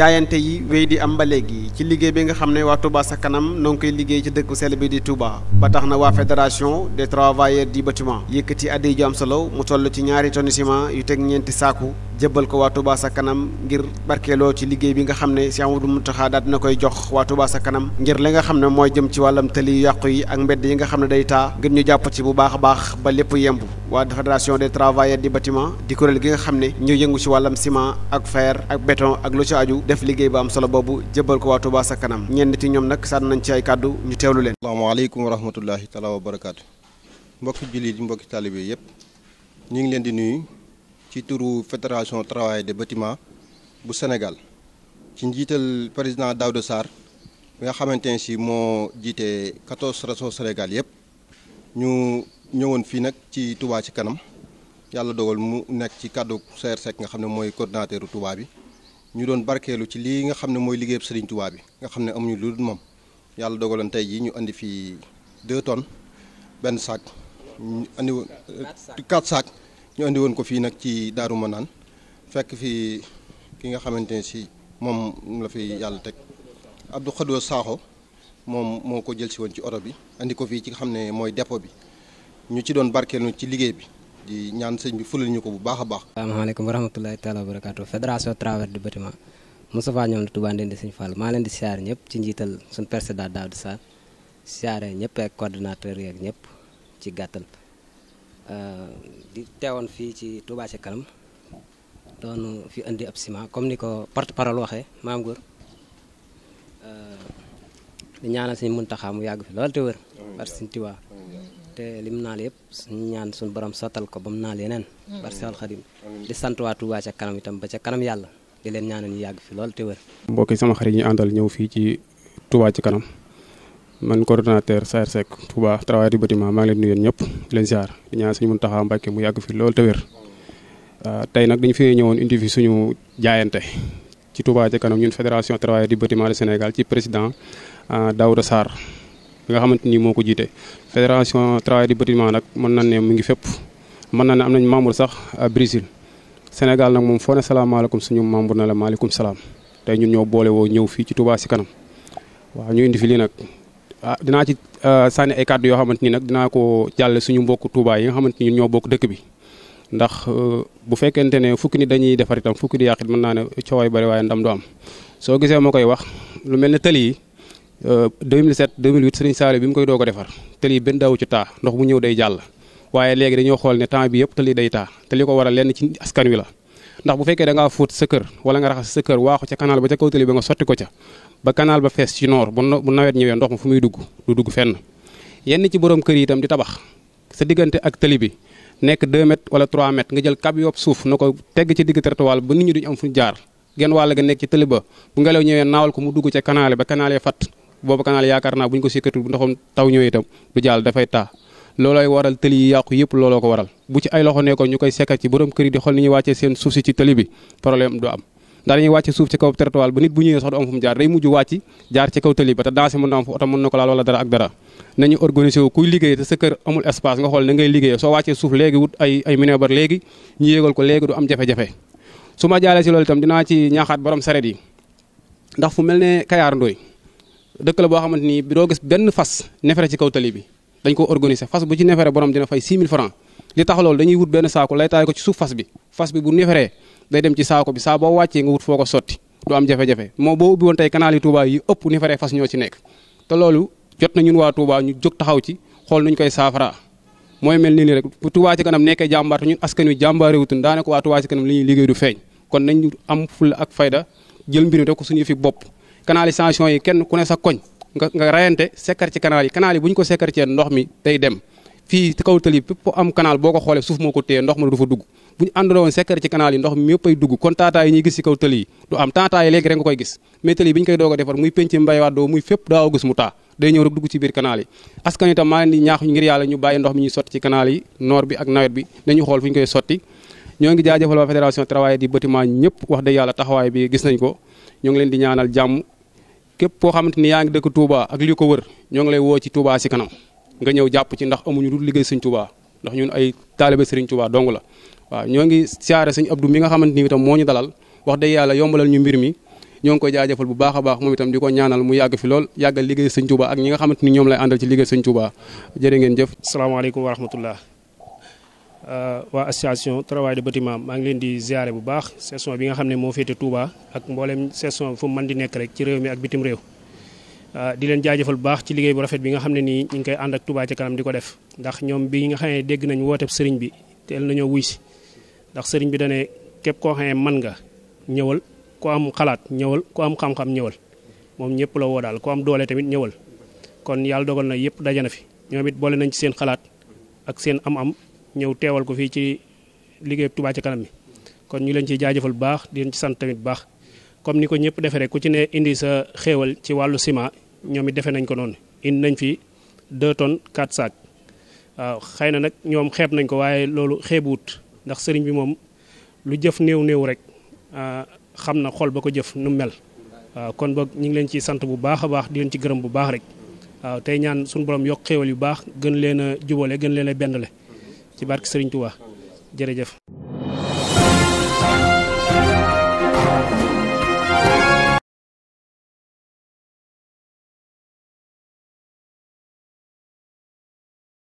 jaayante yi wéy di am ba léegi ci liggéey bi nga xam ne waa Touba sa kanam noo ngi liggéey ci dëkku sell bi di Touba ba tax na waa fédération de travailleurs di bâtiment yëkkati addiy ju am solo mu toll ci ñaari tonni ciment yu teg ñeenti saaku jëbbal ko waa sa kanam ngir barkeeloo ci liggéey bi nga xam ne Cheikh Amadou Mountakha daal dina koy jox waa Touba sa kanam ngir li nga xam ne mooy jëm ci wàllam tëli yu yàqu yi ak mbedd yi nga xam ne day taa ngir ñu jàpp ci bu baax baax ba lépp yemb waa fédération des travailleurs di bâtiment di kuréel gi nga xam ne ñu yëngu ci wàllam ciment ak fer ak béton ak lu ci def liggéey bu am solo boobu jëbal ko waa tubaa sa kanam ñenn ti ñoom nag sànn nañ ci ay kàddu ñu teewlu leen asalaamaaleykum wa rahmatullahi taala wa barakaatu mbokki jullit di mbokki taalibe yëpp ñu ngi leen di nuyu ci turu fédération travail de bâtiments bu Sénégal ci njiital président Daouda Sarr bi nga xamante ne si moo jiite 14 réseaux Sénégal yëpp ñu ñëwoon fii nag ci tubaa ci kanam yàlla dogal mu nekk ci kàddu Seer Seck nga xam ne mooy coordonnateur Touba bi ñu doon barkeelu ci lii nga xam ne mooy liggéeyub Serigne Touba bi nga xam ne amuñu lu dul moom yàlla dogaloon tey jii ñu andi fi deux ton benn saak ñu andi woon euh, andi woon ko fii nag ci Daaru naan fekk fii ki nga xamante ne si moom la fi yàlla teg Abdou Khadou Sakho moom moo ko jël si woon ci oto bi andi ko fii ci nga xam ne mooy dépôt bi ñu ci doon barkeelu ci liggéey bi. di ñaan sëñ bi fulal ko bu baax a baax. asalaamaaleykum wa rahmatulahi taala wa barakaatu fédération Travers du bâtiment Moustapha ñoom la Touba Ndindi Sëñ Fall maa leen di siyaare ñëpp ci njiital suñu président Daouda Sarr siyaare ñëpp ak coordonnateur yeeg ñëpp ci gàttal euh, di teewoon fii ci Touba ci kanam doon fi indi ab ciment comme ni ko porte parole waxee maam Góor euh, di ñaanal sëñ Muntaxa mu yàgg fi lool te wër. parce que Sëñ te lim naal yëpp su ñaan suñu borom sottal ko ba mu naal yeneen. Mm-hmm. barke al Xadim di sant waa Touba ca kanam itam ba ca kanam yàlla di leen ñaanal ñu yàgg fi lool te wër. mbokk yi sama xarit ñu àndal ñëw fii ci Touba ci kanam man coordonnateur Saer Seck Touba travail du bâtiment maa ngi leen di ñëpp di leen ziar di ñaan suñu Muntaxa Mbàkke mu yàgg fi loolu te wër ah, tey nag dañu fi ñëwoon indi fi suñu jaayante ci Touba ci kanam ñun fédération travail du bâtiment du Sénégal ci président ah, Daouda Sarr. nga xamante ni moo ko jiite fédération travail du bâtiment nag mën na ne mu ngi fépp mën na ne am nañ membre sax à Brésil Sénégal nag moom foo ne salaamaaleykum suñu membre na la maaleykum salaam tey ñun ñoo boole woo ñëw fii ci Touba si kanam waaw ñu indi fi lii nag ah dinaa ci ah, sànni ay kàddu yoo xamante ni nag dinaa ko jàlle suñu mbokk Touba yi nga xamante ni ñun ñoo bokk dëkk bi ndax ah, bu fekkente ne fukki ni dañuy defar itam fukki di yàqit mën naa ne coow ay bari waaye am soo 2007 euh, 2008 Serigne Saliou bi mu koy doog a defar tali yi benn daawu ci taa ndox mu ñëw day jàll waaye léegi dañoo xool ne temps bi yëpp tali day taa te li ko waral lenn ci askan wi la ndax bu fekkee da fóot sa kër wala nga raxas sa kër waaxu ca canal ba ca kaw tali ba nga sotti ko ca ba canal ba fees ci noor bu nawet ñëwee ndox ma fu muy dugg du dugg fenn yenn ci borom kër yi itam di tabax sa diggante ak tali bi nekk 2 mètres wala 3 mètres nga jël kab yopp suuf na ko tegg ci digg trottoir ba nit ñi duñ am fu jaar genn wàll ga nekk ci tali ba bu ngelaw ñëwee naawal dugg ca canal ba canal fat boobu canal yaakaar naa bu ñu ko sikkatul bu ndoxum taw ñëwee itam du jàll dafay taa loolooy waral tëli yi yàqu yëpp looloo ko waral bu ci ay loxo nekkoon ñu koy sekkat ci borom kër yi di xool ni ñuy wàccee seen suuf si ci tëli bi problème du am ndax dañuy wàcce suuf ci kaw trottoir ba nit bu ñëwee sax du am fu mu jaar day mujj wàcc jaar ci kaw tëli ba te dancé mën na am fu oto mën na ko laal wala dara ak dara nañu organiser wu kuy liggéey te sa kër amul espace nga xool na ngay liggéey soo wàccee suuf léegi wut ay ay minebar léegi ñu ko léegi du am jafe su ma jaalee si loolu itam dinaa ci ñaaxaat borom saret ndax fu mel ne Kayaar Ndoy dëkk la boo xamante ni doo gis benn fas nefere ci kaw tali bi dañ ko organiser fas bu ci nefere borom dina fay 6000 francs li tax loolu dañuy wut benn saako lay taay ko ci suuf fas bi fas bi bu neferee day dem ci saako bi saa boo wàccee nga wut foo ko sotti du am jafe-jafe moo boo ubbi woon tey canal yi Touba fas ñoo ci nekk te loolu jot na ñun waa ñu jóg taxaw ci xool nuñ koy saafara mooy mel nii nii rek bu Touba ci kanam nekkee jàmbaar te ñun askan wi jàmbaare wutun daanaka waa Touba ci kanam li ñuy liggéey du feeñ kon nañ am fulla ak fayda jël mbir mi ko suñu fi bopp canalisation yi kenn ku ne sa koñ nga nga rayante ci canal yi bu ñu ko sekkar cee ndox mi day dem fii ci kaw tali bépp am canal boo ko xoolee suuf moo ko téye ndox mi muy penc mbay dugg ci biir canal yi askan maa leen di ñaanal jàmm képp koo xamante ni yaa ngi dëkk Touba ak li ko wër ñoo ngi lay woo ci Touba si kanam nga ñëw jàpp ci ndax amuñu dul liggéey sëñ Touba ndax ñun ay taalibe sëriñ Touba dong la waaw ñoo ngi siyaare sëñ Abdou mi nga xamante ni tam moo ñu dalal wax dëgg yàlla yombalal ñu mbir mi ñoo ngi koy jaajëfal bu baax a baax moom itam di ko ñaanal mu yàgg fi lool yàggal liggéey sëñ Touba ak ñi nga xamante ni ñoom lay àndal ci liggéey sëñ Touba jërë ngeen jëf salaamaaleykum wa Euh, waa association travail de bâtiment maa ngi leen di ziare bu baax session bi nga xam ne moo féete Touba ak mboolem session fu mu di nekk rek ci réew mi ak bitim réew. Euh, di leen jaajëfal bu baax ci liggéey bu rafet bi nga xam ne nii ñu ngi koy ànd ak Touba ca kanam di ko def ndax ñoom bi nga xam dégg nañ wooteeb sëriñ bi teel nañoo wuy si ndax sëriñ bi da ne képp koo xam ne mën nga ñëwal ku am xalaat ñëwal ku am xam-xam ñëwal moom ñëpp la woo daal ku doole tamit ñëwal kon yàlla ñëw teewal ko fii ci liggéey tubaat ci kanam mi kon ñu leen ciy jaajëfal bu baax di leen ci sant tamit bu baax comme ni ko ñëpp defee rek ku ci ne indi sa xéewal ci wàllu ciment ñoom i defee nañ ko noonu indi nañ fi 2 tonnes 4 sacs waaw xëy na nag ñoom xeeb nañ ko waaye loolu xeebuwut ndax sëriñ bi moom lu jëf néew-néew rek ah, xam na xol ba ko jëf nu mel waaw kon boog ñu ngi leen ci sant bu baax a baax di leen ci gërëm bu baax rek waaw tey ñaan suñu borom yokk xéewal yu baax gën leen a jubale gën leen a bendale ci barke Serigne Touba jërëjëf.